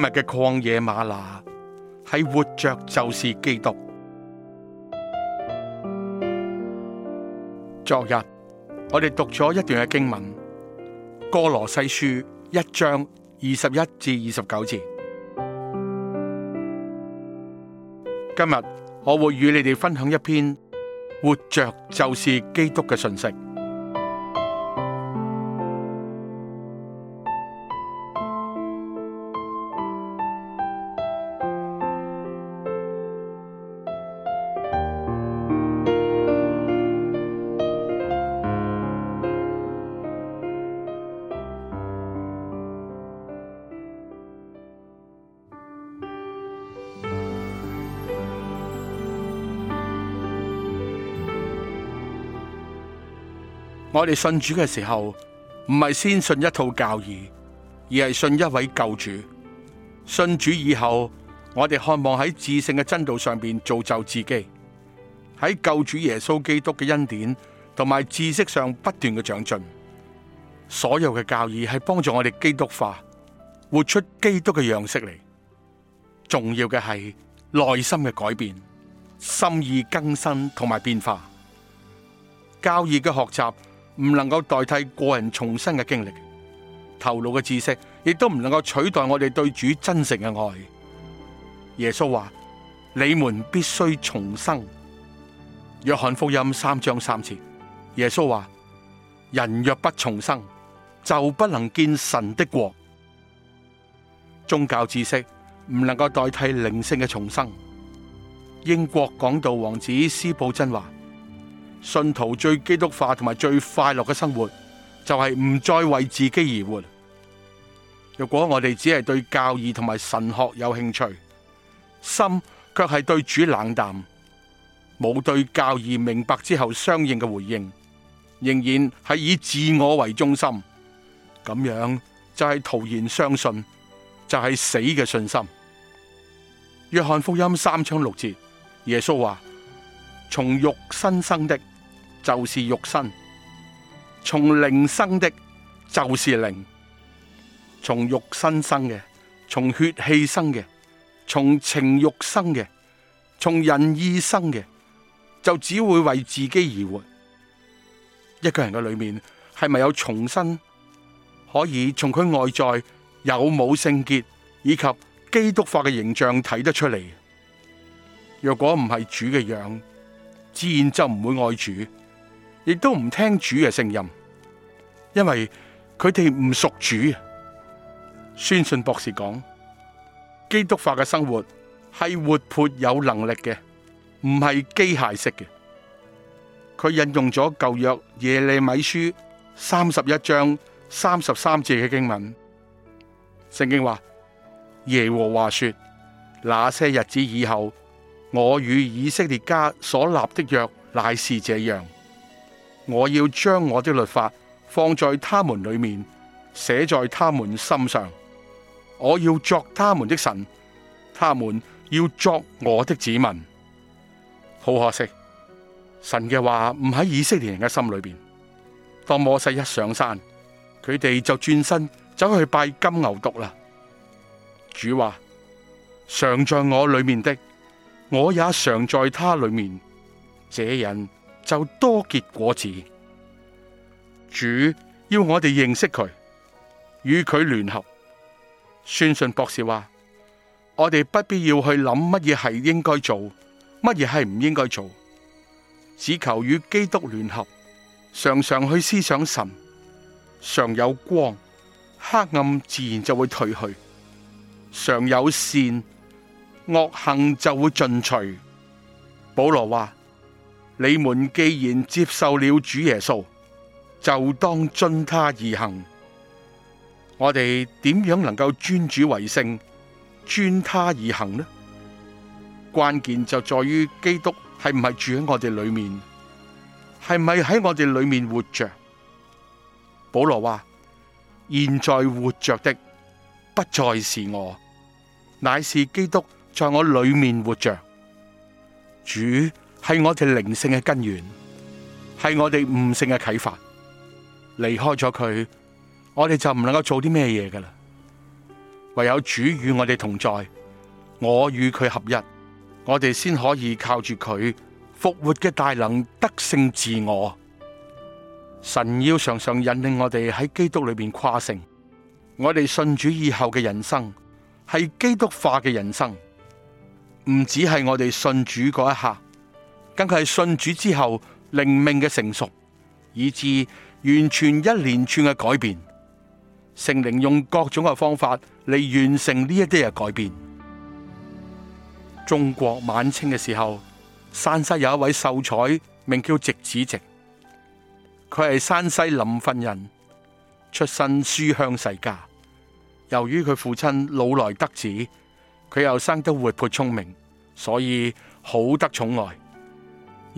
今日嘅曠野嗎哪係活着就是基督。昨日我哋讀咗一段嘅經文《歌羅西書》一章二十一至二十九節。今日我會與你哋分享一篇活着就是基督嘅訊息。我哋信主嘅時候，唔係先信一套教義，而係信一位救主。信主以後，我哋渴望喺至聖嘅真道上邊造就自己，喺救主耶穌基督嘅恩典同埋知識上不斷嘅長進。所有嘅教義係幫助我哋基督化，活出基督嘅樣式嚟。重要嘅係內心嘅改變、心意更新同埋變化。教義嘅學習。唔能夠代替個人重生嘅經歷，頭腦嘅知識亦都唔能夠取代我哋對主真誠嘅愛。耶穌話：你們必須重生。約翰福音三章三節，耶穌話：人若不重生，就不能見神的國。宗教知識唔能夠代替靈性嘅重生。英國講道王子司布真話。信徒最基督化同埋最快樂嘅生活，就係唔再為自己而活。若果我哋只係對教義同埋神學有興趣，心卻係對主冷淡，冇對教義明白之後相應嘅回應，仍然係以自我為中心，咁樣就係徒然相信，就係死嘅信心。約翰福音三章六節，耶穌話：從肉身生的，就是肉身，從靈生的，就是靈；從肉身生嘅，從血氣生嘅，從情欲生嘅，從人意生嘅，就只會為自己而活。一個人嘅裏面，係咪有重生？可以從佢外在有冇聖潔以及基督化嘅形象睇得出嚟。若果唔係主嘅樣，自然就唔會愛主。亦都唔聽主嘅聲音，因為佢哋唔屬主。宣信博士講：基督化嘅生活係活潑有能力嘅，唔係機械式嘅。佢引用咗舊約耶利米書三十一章三十三節嘅經文，聖經話：耶和華說，那些日子以後，我與以色列家所立的約乃是這樣。我要將我的律法放在他們裏面，寫在他們心上。我要作他們的神，他們要作我的子民。好可惜，神嘅話唔喺以色列人嘅心裏邊。當摩西一上山，佢哋就轉身走去拜金牛犢啦。主話：常在我裏面的，我也常在他裏面。這人。就多結果子，主要我哋認識佢，與佢聯合。宣信博士話：我哋不必要去諗乜嘢係應該做，乜嘢係唔應該做，只求與基督聯合，常常去思想神，常有光，黑暗自然就會退去；常有善，惡行就會盡除。保羅話：你們既然接受了主耶穌，就當遵他而行。我哋點樣能夠尊主為聖，遵他而行呢？關鍵就在於基督係唔係住喺我哋裏面，係唔係喺我哋裏面活着？保羅話：現在活着的，不再是我，乃是基督在我裏面活着。主，係我哋靈性嘅根源，係我哋悟性嘅啟發。離開咗佢，我哋就唔能夠做啲咩嘢噶啦。唯有主與我哋同在，我與佢合一，我哋先可以靠住佢復活嘅大能得勝自我。神要常常引領我哋喺基督裏面誇勝。我哋信主以後嘅人生係基督化嘅人生，唔止係我哋信主嗰一刻。更係信主之後靈命嘅成熟，以至完全一連串嘅改變。聖靈用各種嘅方法嚟完成呢一啲嘅改變。中國晚清嘅時候，山西有一位秀才，名叫直子直，佢係山西臨汾人，出身書香世家。由於佢父親老來得子，佢又生得活潑聰明，所以好得寵愛。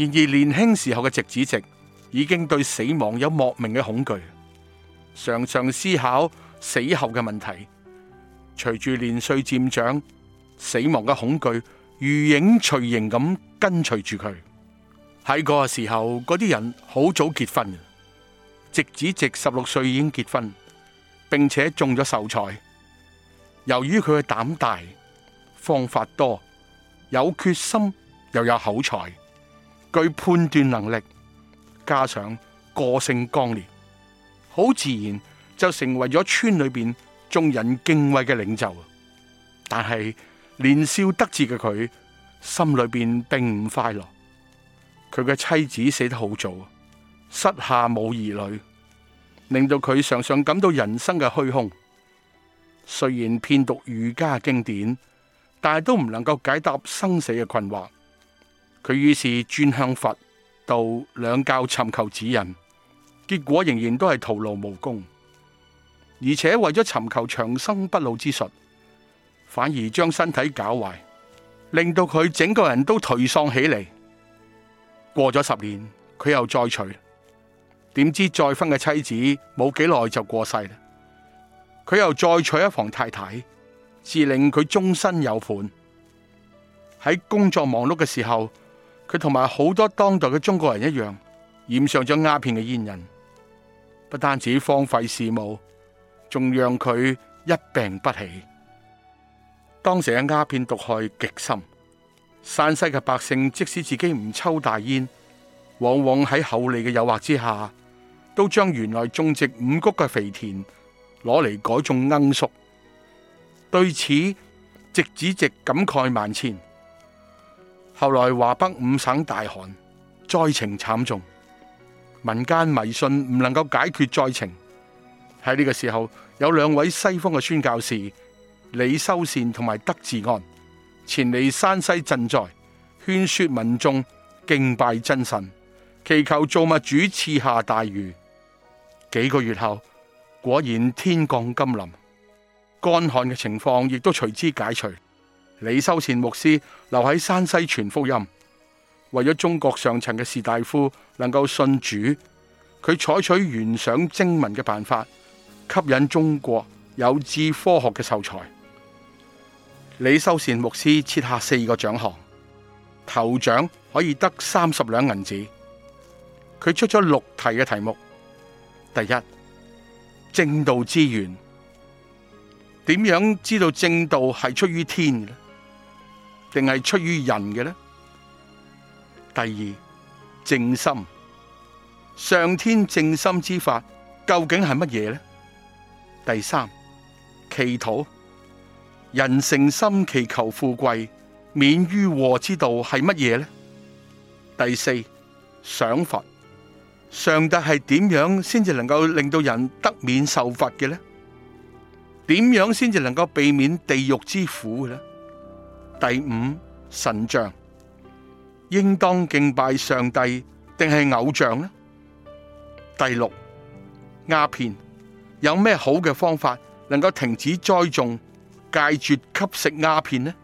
然而年輕時候嘅直子直已經對死亡有莫名嘅恐懼，常常思考死後嘅問題。隨住年歲漸長，死亡嘅恐懼如影隨形咁跟隨住佢。喺嗰個時候，嗰啲人好早結婚嘅，直子直十六歲已經結婚，並且中咗秀才。由於佢嘅膽大、方法多、有決心又有口才，具判斷能力，加上個性剛烈，好自然就成為咗村裏邊眾人敬畏嘅領袖。但係年少得志嘅佢，心裏面並唔快樂。佢嘅妻子死得好早，膝下冇兒女，令到佢常常感到人生嘅虛空。雖然遍讀儒家經典，但係都唔能夠解答生死嘅困惑。佢於是轉向佛道兩教尋求指引，結果仍然都係徒勞無功，而且為咗尋求長生不老之術，反而將身體搞壞，令到佢整個人都頹喪起嚟。過咗十年，佢又再娶，點知再婚嘅妻子冇幾耐就過世啦。佢又再娶一房太太，至令佢終身有伴。喺工作忙碌嘅時候，佢同埋好多當代嘅中國人一樣，染上咗鴉片嘅煙癮，不單止荒廢事務，仲讓佢一病不起。當時嘅鴉片毒害極深，山西嘅百姓即使自己唔抽大煙，往往喺厚利嘅誘惑之下，都將原來種植五穀嘅肥田攞嚟改種罌粟。對此，席子直感慨萬千。後來華北五省大旱，災情慘重，民間迷信唔能夠解決災情。喺呢個時候，有兩位西方嘅宣教士李修善同埋德治安前嚟山西賑災，勸說民眾敬拜真神，祈求造物主賜下大雨。幾個月後，果然天降甘霖，乾旱嘅情況亦都隨之解除。李修善牧師留喺山西傳福音，為咗中國上層嘅士大夫能夠信主，佢採取懸賞徵文嘅辦法，吸引中國有志科學嘅秀才。李修善牧師設下四個獎項，頭獎可以得三十兩銀子。佢出咗六題嘅題目，第一，正道之源，點樣知道正道係出於天嘅？定係出於人嘅呢？第二，靜心，上天靜心之法究竟係乜嘢呢？第三，祈禱，人誠心祈求富貴，免於禍之道係乜嘢呢？第四，賞罰，上帝係點樣先至能夠令到人得免受罰嘅呢？點樣先至能夠避免地獄之苦嘅呢？第五神像，應當敬拜上帝定係偶像呢？第六鴉片，有咩好嘅方法能夠停止栽種、戒絕吸食鴉片呢？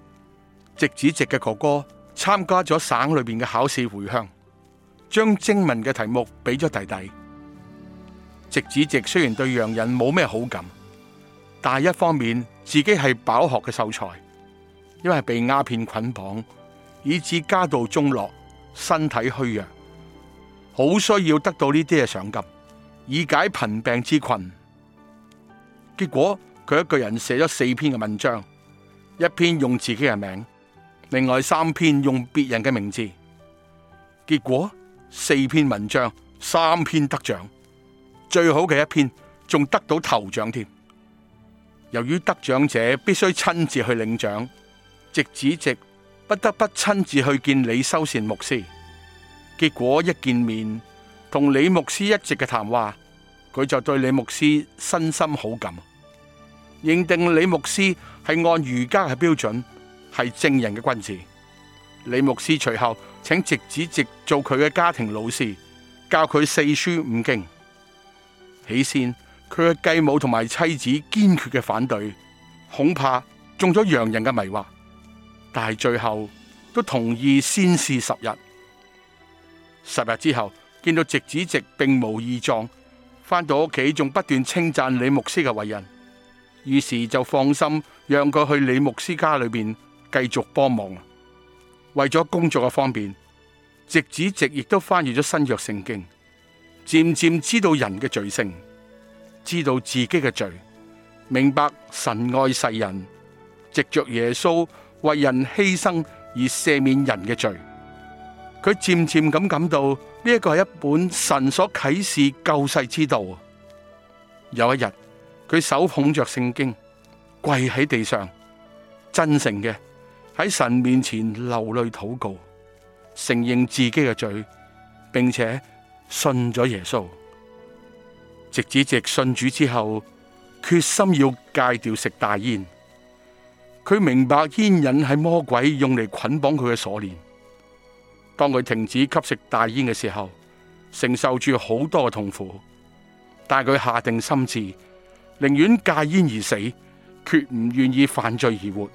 席子直嘅哥哥參加咗省裏邊嘅考試回鄉，將徵文嘅題目俾咗弟弟。席子直雖然對洋人冇咩好感，但係一方面自己係飽學嘅秀才。因為被鴉片捆綁，以致家道中落，身體虛弱，好需要得到呢啲嘅賞金，以解貧病之困。結果佢一個人寫咗四篇嘅文章，一篇用自己嘅名，另外三篇用別人嘅名字。結果四篇文章，三篇得獎，最好嘅一篇仲得到頭獎添。由於得獎者必須親自去領獎。席子直不得不親自去見李修善牧師，結果一見面同李牧師一席嘅談話，佢就對李牧師心生好感，認定李牧師係按儒家嘅標準係正人嘅君子。李牧師隨後請席子直做佢嘅家庭老師，教佢四書五經。起先佢嘅繼母同埋妻子堅決嘅反對，恐怕中咗洋人嘅迷惑。但係最後都同意先試十日，十日之後見到席子直並無異狀，返到屋企仲不斷稱讚李牧師嘅為人，於是就放心讓佢去李牧師家裏面繼續幫忙啦。為咗工作嘅方便，席子直亦都翻閱咗新約聖經，漸漸知道人嘅罪性，知道自己嘅罪，明白神愛世人，藉着耶穌，為人犧牲而赦免人嘅罪，佢漸漸咁感到呢個係一本神所啟示救世之道。有一日，佢手捧着聖經，跪喺地上，真誠嘅喺神面前流淚禱告，承認自己嘅罪，並且信咗耶穌。直至直信主之後，決心要戒掉食大煙。佢明白煙癮係魔鬼用嚟捆綁佢嘅鎖鏈。當佢停止吸食大煙嘅時候，承受住好多嘅痛苦，但佢下定心志，寧願戒煙而死，決唔願意犯罪而活。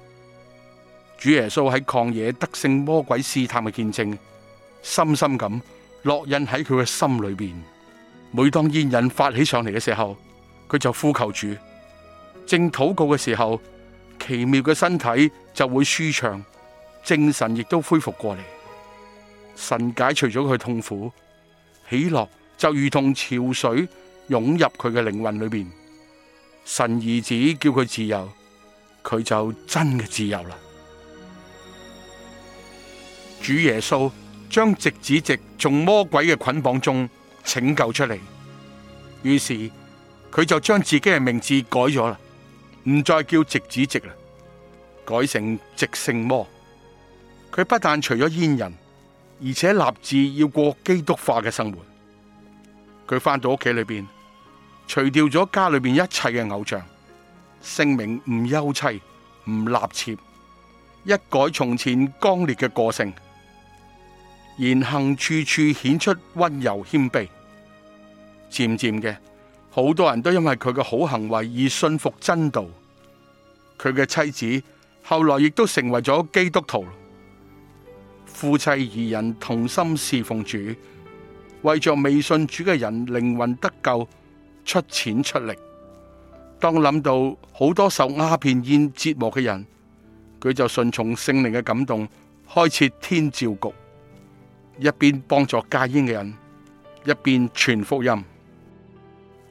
主耶穌喺曠野得勝魔鬼試探嘅見證，深深咁烙印喺佢嘅心裏邊。每當煙癮發起上嚟嘅時候，佢就呼求主。正禱告嘅時候。奇妙嘅，身體就會舒暢，精神亦都恢復過嚟。神解除咗佢痛苦，喜樂就如同潮水湧入佢嘅靈魂裏邊。神兒子叫佢自由，佢就真嘅自由啦。主耶穌將直子直從魔鬼嘅捆綁中拯救出嚟，於是佢就將自己嘅名字改咗啦。唔再叫席子直啦，改成席勝魔。佢不但除咗煙癮，而且立志要過基督化嘅生活。佢返到屋企裏邊，除掉咗家裏邊一切嘅偶像，聲明唔休妻，唔納妾，一改從前剛烈嘅個性，言行處處顯出溫柔謙卑，漸漸嘅。好多人都因為佢嘅好行為而信服真道，佢嘅妻子後來亦都成為咗基督徒。夫妻二人同心侍奉主，為着未信主嘅人靈魂得救，出錢出力。當諗到好多受鴉片煙折磨嘅人，佢就順從聖靈嘅感動，開設天照局，一邊幫助戒煙嘅人，一邊傳福音。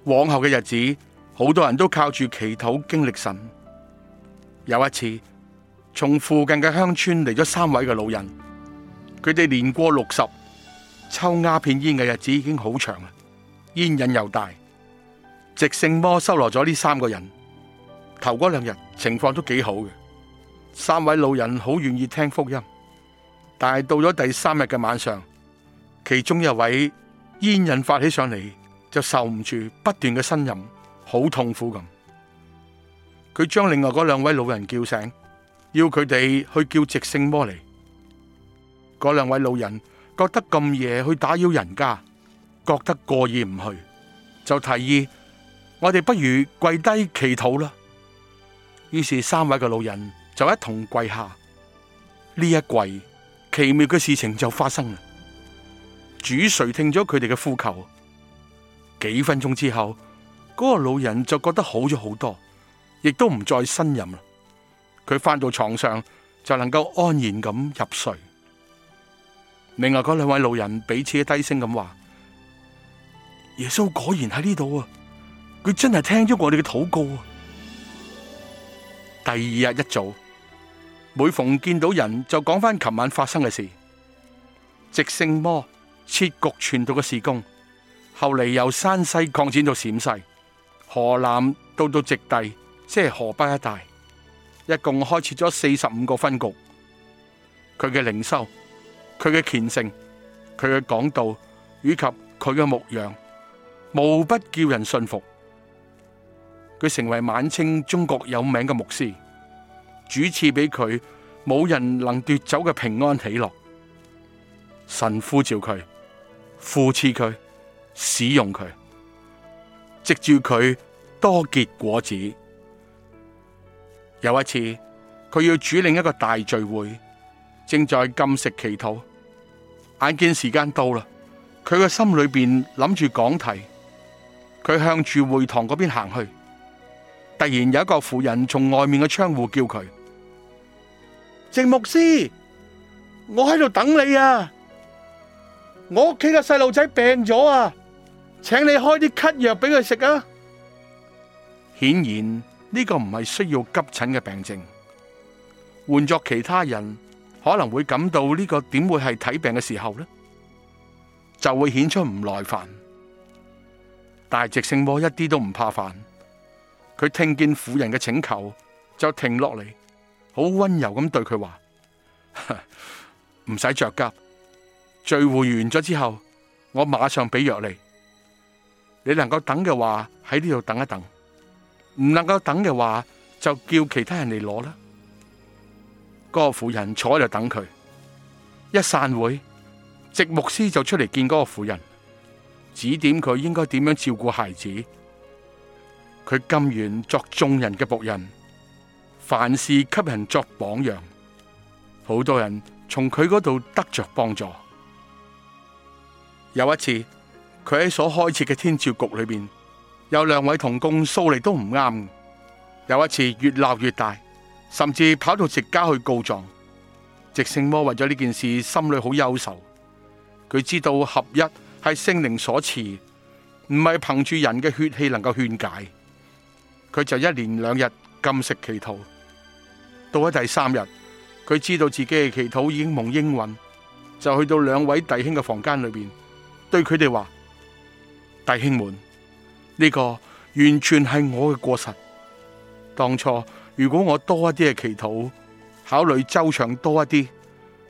往後嘅日子，好多人都靠住祈禱經歷神。有一次，從附近嘅鄉村嚟咗三位嘅老人，佢哋年過六十，抽鴉片煙嘅日子已經好長啦，煙癮又大。席勝魔收羅咗呢三個人，頭嗰兩日情況都幾好嘅，三位老人好願意聽福音。但係到咗第三日嘅晚上，其中一位煙癮發起上嚟。就受唔住不斷嘅呻吟，好痛苦咁。佢將另外嗰兩位老人叫醒，要佢哋去叫直升魔嚟。嗰兩位老人覺得咁夜去打擾人家，覺得過意唔去，就提議：我哋不如跪低祈禱啦。於是三位嘅老人就一同跪下。呢一跪，奇妙嘅事情就發生啦。主垂聽咗佢哋嘅呼求。幾分鐘之後，嗰、那個老人就覺得好咗好多，亦都唔再呻吟啦。佢翻到床上就能夠安然咁入睡。另外嗰兩位老人彼此低聲咁話，耶穌果然喺呢度啊！佢真係聽咗我哋嘅禱告啊！第二日一早，每逢見到人就講翻琴晚發生嘅事，直升魔切局傳到嘅事工。後來由山西擴展到陝西、河南，到到直隸，即係河北一帶，一共開設咗四十五個分局。佢嘅靈修、佢嘅虔誠、佢嘅講道以及佢嘅牧養，無不叫人信服。佢成為晚清中國有名嘅牧師，主賜俾佢，冇人能奪走嘅平安喜樂。神呼召佢，扶持佢。使用佢，藉住佢多結果子。有一次，佢要主領一個大聚會，正在禁食祈禱，眼見時間到啦，佢嘅心裏邊諗住講題，佢向住會堂嗰邊行去，突然有一個婦人從外面嘅窗戶叫佢，靜牧師，我喺度等你啊，我屋企嘅細路仔病咗啊！請你開啲咳藥俾佢食啊！顯然，呢個唔係需要急診嘅病症。換作其他人，可能會感到呢個點會係睇病嘅時候呢，就會顯出唔耐煩。大直性魔一啲都唔怕煩，佢聽見婦人嘅請求就停落嚟，好溫柔咁對佢話：唔使着急，聚會完咗之後，我馬上俾藥你。你能夠等嘅話，喺呢度等一等；唔能夠等嘅話，就叫其他人嚟攞啦。嗰個婦人坐喺度等佢。一散會，植牧師就出嚟見嗰個婦人，指點佢應該點樣照顧孩子。佢甘願作眾人嘅僕人，凡事給人作榜樣，好多人從佢嗰度得着幫助。有一次。佢喺所開設嘅天照局裏邊，有兩位同工素嚟都唔啱。有一次越鬧越大，甚至跑到席家去告狀。直勝摩為咗呢件事，心裏好憂愁。佢知道合一係聖靈所賜，唔係憑住人嘅血氣能夠勸解。佢就一連兩日禁食祈禱。到咗第三日，佢知道自己嘅祈禱已經蒙應允，就去到兩位弟兄嘅房間裏邊，對佢哋話。弟兄們，呢個完全係我嘅過失。當初如果我多一啲嘅祈禱，考慮周詳多一啲，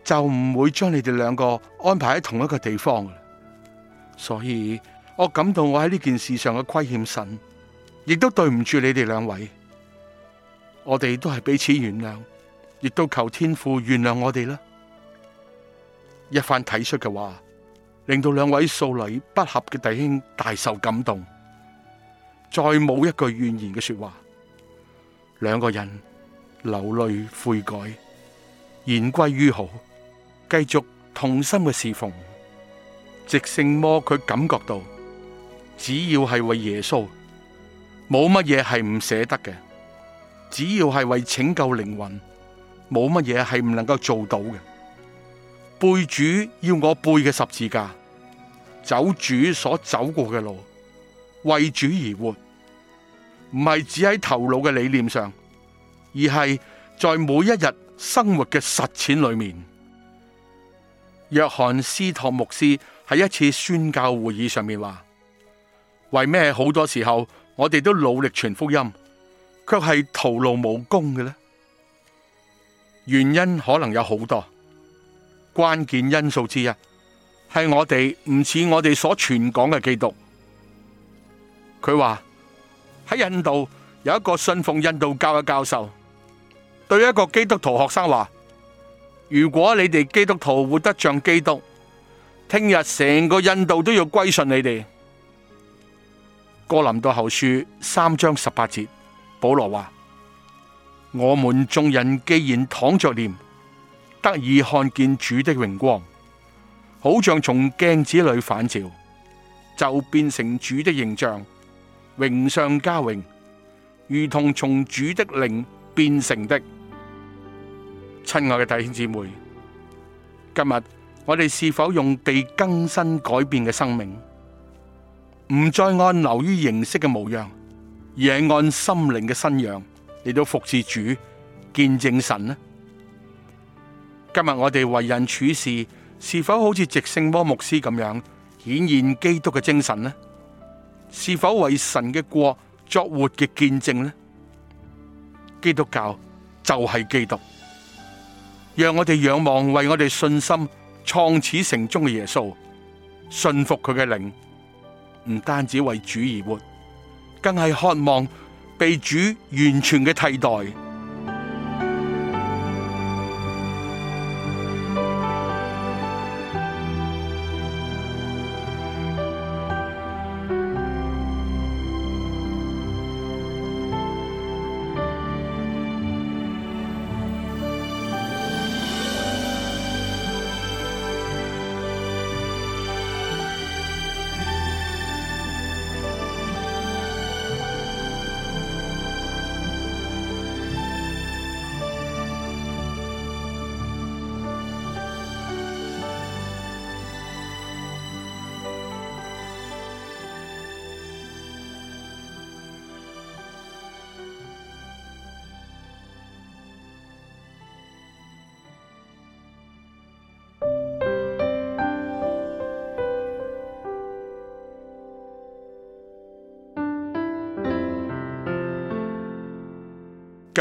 就唔會將你哋兩個安排喺同一個地方。所以我感到我喺呢件事上嘅虧欠神，亦都對唔住你哋兩位。我哋都係彼此原諒，亦都求天父原諒我哋啦。一番體恤嘅話。令到兩位素禮不合嘅弟兄大受感動，再冇一句怨言嘅說話。兩個人流淚悔改，言歸於好，繼續同心嘅侍奉。直性摸佢感覺到，只要係為耶穌，冇乜嘢係唔捨得嘅；只要係為拯救靈魂，冇乜嘢係唔能夠做到嘅。背主要我背嘅十字架。走主所走過嘅路，為主而活，唔係只喺頭腦嘅理念上，而係在每一日生活嘅實踐裏面。約翰斯托牧師喺一次宣教會議上面話：為咩好多時候我哋都努力傳福音，卻係徒勞無功嘅呢？原因可能有好多，關鍵因素之一。係我哋唔似我哋所傳講嘅基督。佢話，喺印度有一個信奉印度教嘅教授，對一個基督徒學生話：如果你哋基督徒活得像基督，聽日成個印度都要歸順你哋。哥林多後書三章十八節，保羅話：我們眾人既然敞著臉，得以看見主的榮光。好像從鏡子裏反照，就變成主的形象，榮上加榮，如同從主的靈變成的。親愛嘅弟兄姊妹，今日我哋是否用被更新改變嘅生命，唔再按流於形式嘅模樣，而按心靈嘅新樣嚟到服侍主、見證神呢？今日我哋為人處事。是否好似直聖魔牧師咁樣顯現基督嘅精神呢？是否為神嘅國作活嘅見證呢？基督教就係基督，讓我哋仰望為我哋信心創始成終嘅耶穌，信服佢嘅靈，唔單止為主而活，更係渴望被主完全嘅替代。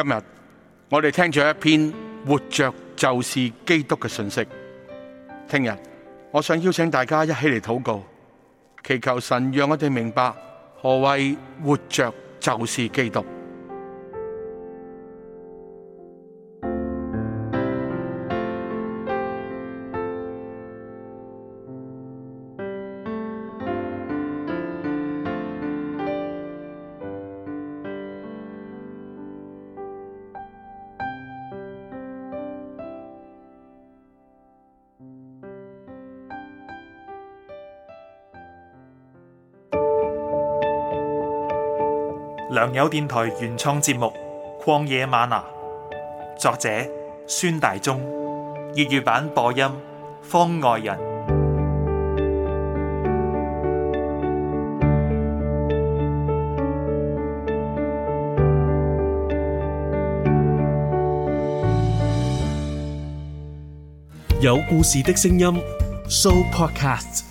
今日我哋聽咗一篇活着就是基督嘅信息，聽日我想邀請大家一起嚟禱告，祈求神讓我哋明白何謂活着就是基督。良友電台原創節目《曠野嗎哪》，作者孫大中，粵語版播音方外人，有故事的聲音，So Podcasts。